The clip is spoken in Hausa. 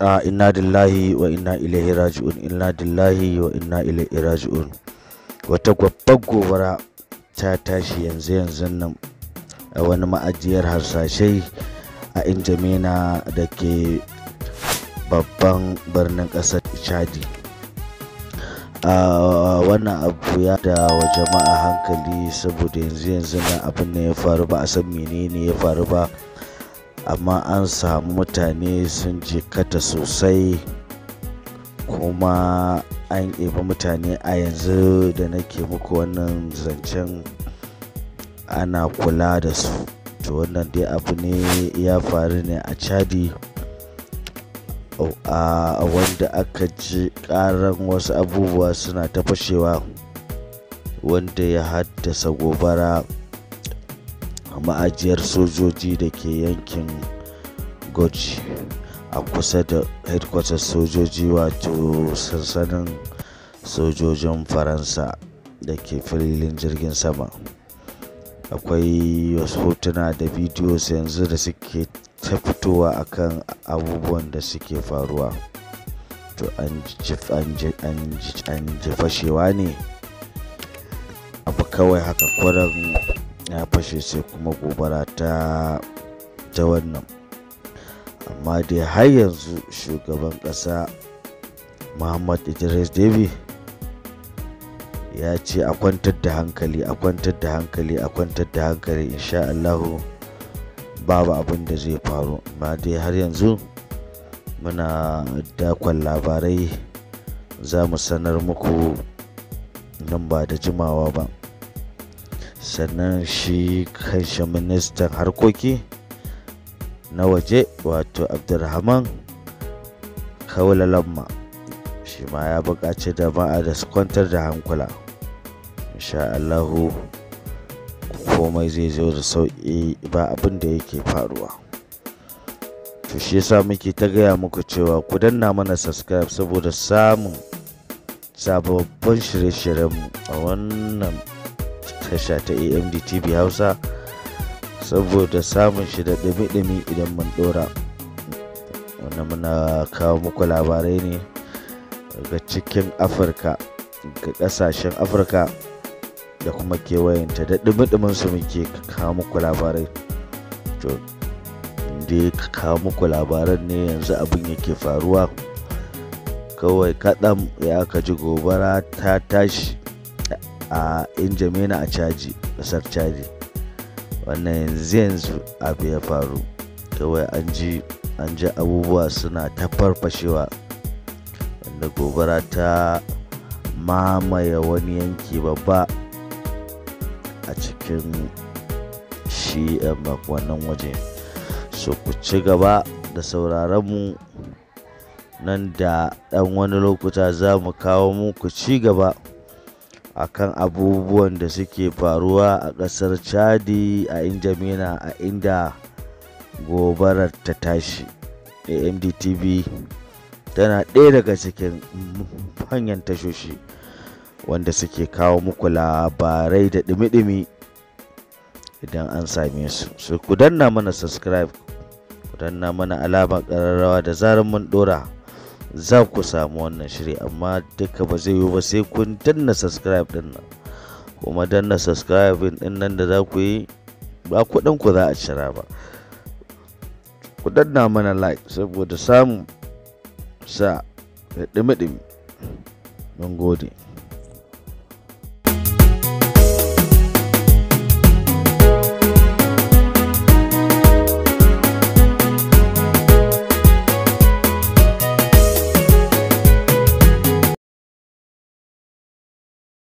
a inna dillahi wa inna ilaihi raji'un inna dillahi wa inna ilaihi raji'un wata gwabbar gobara ta tashi yanzu yanzu nan a wani ma'ajiyar harsashai a Injamina da ke babban birnin ƙasar chadi a wannan abu ya da wa jama'a hankali saboda yanzu yanzu nan abin ne ya faru ba a san menene ya faru ba amma an samu mutane sun kata sosai kuma an ɗebi mutane a yanzu da nake muku wannan zancen ana kula da su to wannan dai abu ne ya faru ne a chadi a wanda aka ji karan wasu abubuwa suna ta fashewa wanda ya haddasa gobara a ma'ajiyar sojoji da ke yankin Goji a kusa da hedkwatar sojoji wato sansanin sojojin Faransa da ke filin jirgin sama. Akwai wasu hotuna da videos yanzu da suke ta fitowa akan abubuwan da suke faruwa. To an ji fashewa ne? Abu kawai haka kwarar ya fashe sai kuma gobara ta ta wannan amma dai har yanzu shugaban ƙasa muhammad idris debi ya ce a kwantar da hankali a kwantar da hankali a kwantar da hankali insha allahu babu abin da zai faru amma dai har yanzu muna dakon labarai za mu sanar muku nan ba da jimawa ba sannan shi kanshi ministan harkoki na waje wato abdulrahman kaulalamma shi ma ya buƙaci jama'a da su kwantar da hankula insha allahu komai zai zo da sauƙi ba abin da yake faruwa to shi yasa muke ta gaya muku cewa ku danna mana subscribe saboda samun sababbin shirye-shiryenmu a wannan tasha ta amd tv hausa saboda samun shi da ɗumi-ɗumi idan mun ɗora wannan muna kawo muku labarai ne daga cikin afirka ga ƙasashen afirka da kuma kewayenta da ɗumi su muke kawo muku labarai to da kawo muku labaran ne yanzu abin yake faruwa kawai kaɗan ya aka ji gobara ta tashi a injamena a caji ƙasar caji wannan yanzu yanzu abu ya faru kawai an ji an ji abubuwa suna ta farfashewa wanda gobara ta mamaye wani yanki babba a cikin shi um, wannan waje so ku ci gaba da sauraron mu nan da ɗan wani lokuta za mu kawo muku ci gaba akan abubuwan da suke faruwa a ƙasar chadi a injamina a inda gobarar ta tashi amdtv tana ɗaya daga cikin hanyar tashoshi wanda suke kawo muku labarai da ɗimi-ɗimi idan an same su su ku danna mana subscribe ku mana alamar ƙararrawa da zarar mun ɗora za ku samu wannan shiri amma duka ba zai yiwu ba sai kun danna subscribe din nan kuma danna subscribe din nan da za ku yi ba kuɗin ku za a cira ba ku danna mana like saboda samu sa da ɗimi-ɗimi mun gode